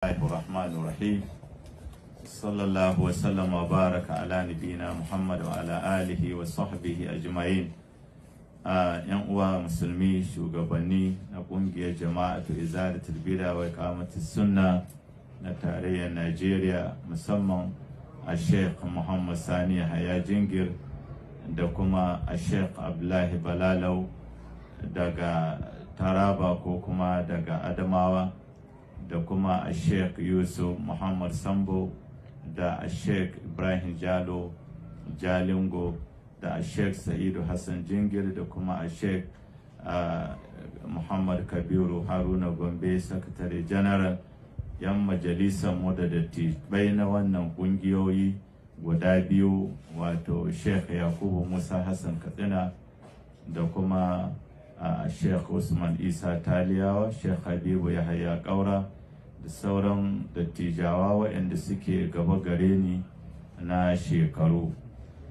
الله الرحمن الرحيم صلى الله وسلم وبارك على نبينا محمد وعلى آله وصحبه أجمعين yan uwa musulmi shugabanni na kungiyar jama'atu izalatul bida wa iqamatus sunna na tarayyar Najeriya musamman a Sheikh Muhammad Sani Haya Jingir da kuma a Sheikh Abdullahi Balalau daga Taraba ko kuma daga Adamawa da kuma a sheikh yusuf muhammad sambo da a sheikh ibrahim jalo jalingo da a sheikh sa'idu hassan jingir da kuma a sheikh muhammad kabiru haruna gombe sakatare Janaral yan majalisar mu da dattibai na wannan kungiyoyi guda biyu wato sheikh yakubu musa hassan katsina da kuma a sheikh usman isa taliyawa sheikh habibu yahaya kaura da sauran dattijawa waɗanda suke gaba gare ni na shekaru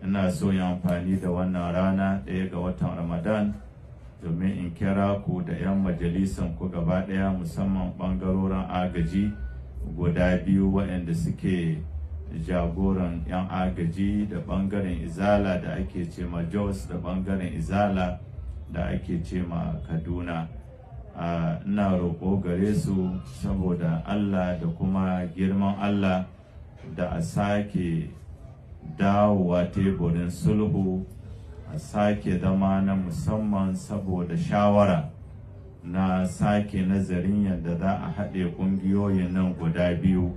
ina so yi amfani da wannan rana ɗaya ga watan ramadan domin in kira ku da 'yan majalisan ku gaba ɗaya musamman ɓangarorin agaji guda biyu waɗanda suke jagoran 'yan agaji da ɓangaren izala da ake ce ma jos da ɓangaren izala da ake ce ma kaduna ina roƙo gare su saboda Allah da kuma girman Allah da a sake dawowa teburin sulhu a sake zama na musamman saboda shawara na sake nazarin yadda za a haɗe ƙungiyoyin nan guda biyu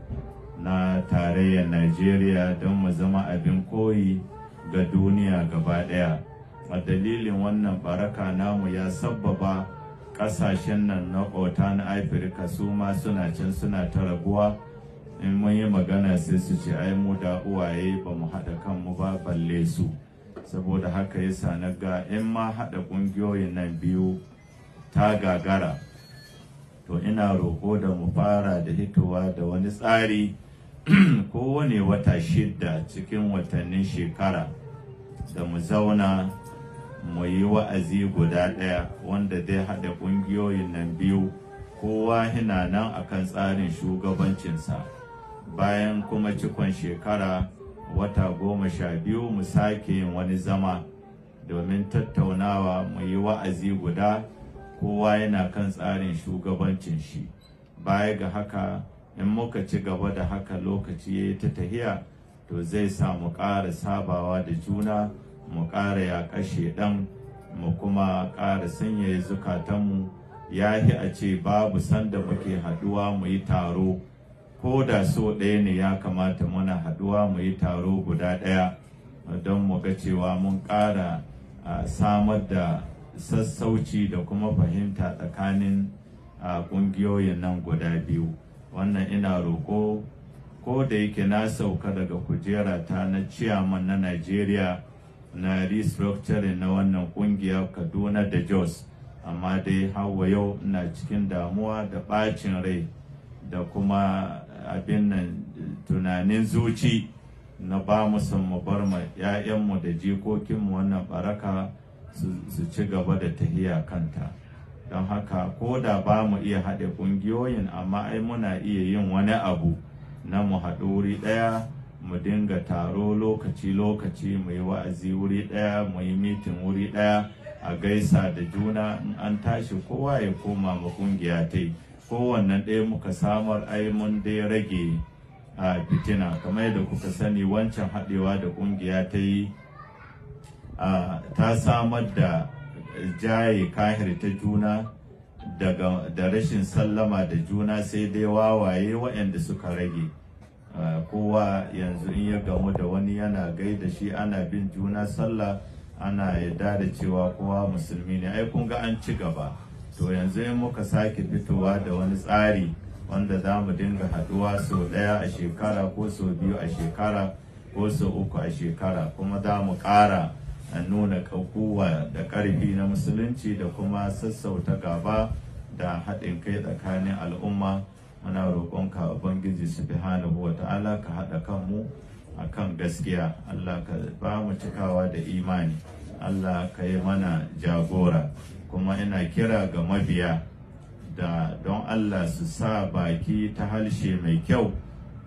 na tarayyar Najeriya don mu zama abin koyi ga duniya gaba ɗaya. A dalilin wannan baraka namu ya sabbaba ƙasashen nan na na afirka su ma suna can suna ta raguwa in mun yi magana sai su ce ai mu da uwaye ba mu haɗa kanmu ba balle su saboda haka ya sa na ga in ma haɗa ƙungiyoyin nan biyu ta gagara to ina roƙo da mu fara da hitowa da wani tsari kowane wata shidda cikin watannin shekara da mu zauna mu yi wa'azi guda ɗaya wanda zai haɗa ƙungiyoyin nan biyu kowa hina nan akan tsarin shugabancinsa bayan kuma cikon shekara wata goma sha biyu mu sake yin wani zama domin tattaunawa mu yi wa'azi guda kowa yana kan tsarin shugabancin shi baya ga haka in muka ci gaba da haka lokaci ya yi ta tahiya to zai samu ƙara sabawa da juna mu ƙara ya kashe ɗan mu kuma ƙara sanyaya zukatanmu ya yi a ce babu sanda muke haɗuwa mu yi taro ko da so ɗaya ne ya kamata muna haɗuwa mu yi taro guda ɗaya don mu ga cewa mun ƙara samar da sassauci da kuma fahimta tsakanin ƙungiyoyin nan guda biyu wannan ina roko ko da yake na sauka daga kujera ta na ciyaman na najeriya na restructuring na wannan kungiya kaduna da jos amma dai hawa yau na cikin damuwa da bacin rai da kuma abin nan tunanin zuci na ba mu mu bar ma 'ya'yanmu da jikokinmu wannan baraka su ci gaba da tahiya kanta don haka ko da ba mu iya haɗe ƙungiyoyin amma ai muna iya yin wani abu na mu haɗu wuri ɗaya mu dinga taro lokaci-lokaci mu yi wa'azi wuri ɗaya mu yi mitin wuri ɗaya a gaisa da juna in an tashi kowa ya koma ma kungiya ta yi kowannan ɗaya muka samar ai mun dai rage a fitina kamar yadda kuka sani wancan haɗewa da kungiya ta yi ta samar da jaye kahir ta juna daga da rashin sallama da juna sai dai wawaye waɗanda suka rage kowa yanzu in ya gamu da wani yana gaida shi ana bin juna sallah ana yarda da cewa kowa musulmi ne ai kun ga an ci gaba to yanzu in muka sake fitowa da wani tsari wanda za mu dinga haduwa sau ɗaya a shekara ko sau biyu a shekara ko sau uku a shekara kuma za mu ƙara nuna kowa da karfi na musulunci da kuma sassauta gaba da haɗin kai tsakanin al'umma muna roƙonka ubangiji subhanahu wa ta'ala ka haɗa kanmu a kan gaskiya allah ka ba mu cikawa da imani allah ka yi mana jagora kuma ina kira ga mabiya da don allah su sa baki ta halshe mai kyau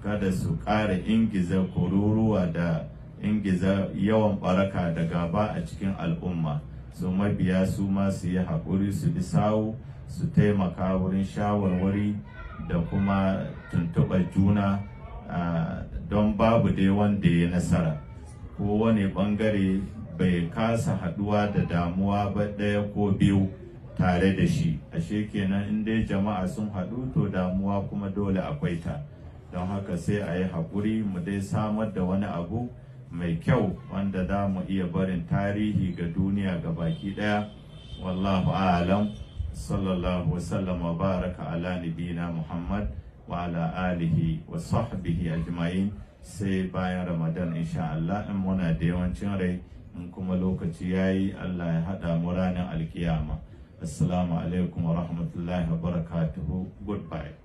kada su ƙara ingiza kururuwa da ingiza yawan ɓaraka da gaba a cikin al'umma su mabiya su ma su yi haƙuri su bi sawu su taimaka wurin shawarwari da kuma tuntuɓar juna don babu dai wanda ya nasara kowane ɓangare bai kasa haɗuwa da damuwa ba ɗaya ko biyu tare da shi ashe kenan in dai jama'a sun haɗu to damuwa kuma dole akwai ta don haka sai a yi haƙuri mu dai samar da wani abu mai kyau wanda za mu iya barin tarihi ga duniya ga baki ɗaya wallahu alam sallallahu wasallam wa baraka ala nabina muhammad wa ala alihi wa sahbihi ajma'in sai bayan ramadan insha Allah in muna da yawancin rai in kuma lokaci yayi Allah ya hada mu ranar alkiyama assalamu alaikum wa rahmatullahi wa barakatuhu goodbye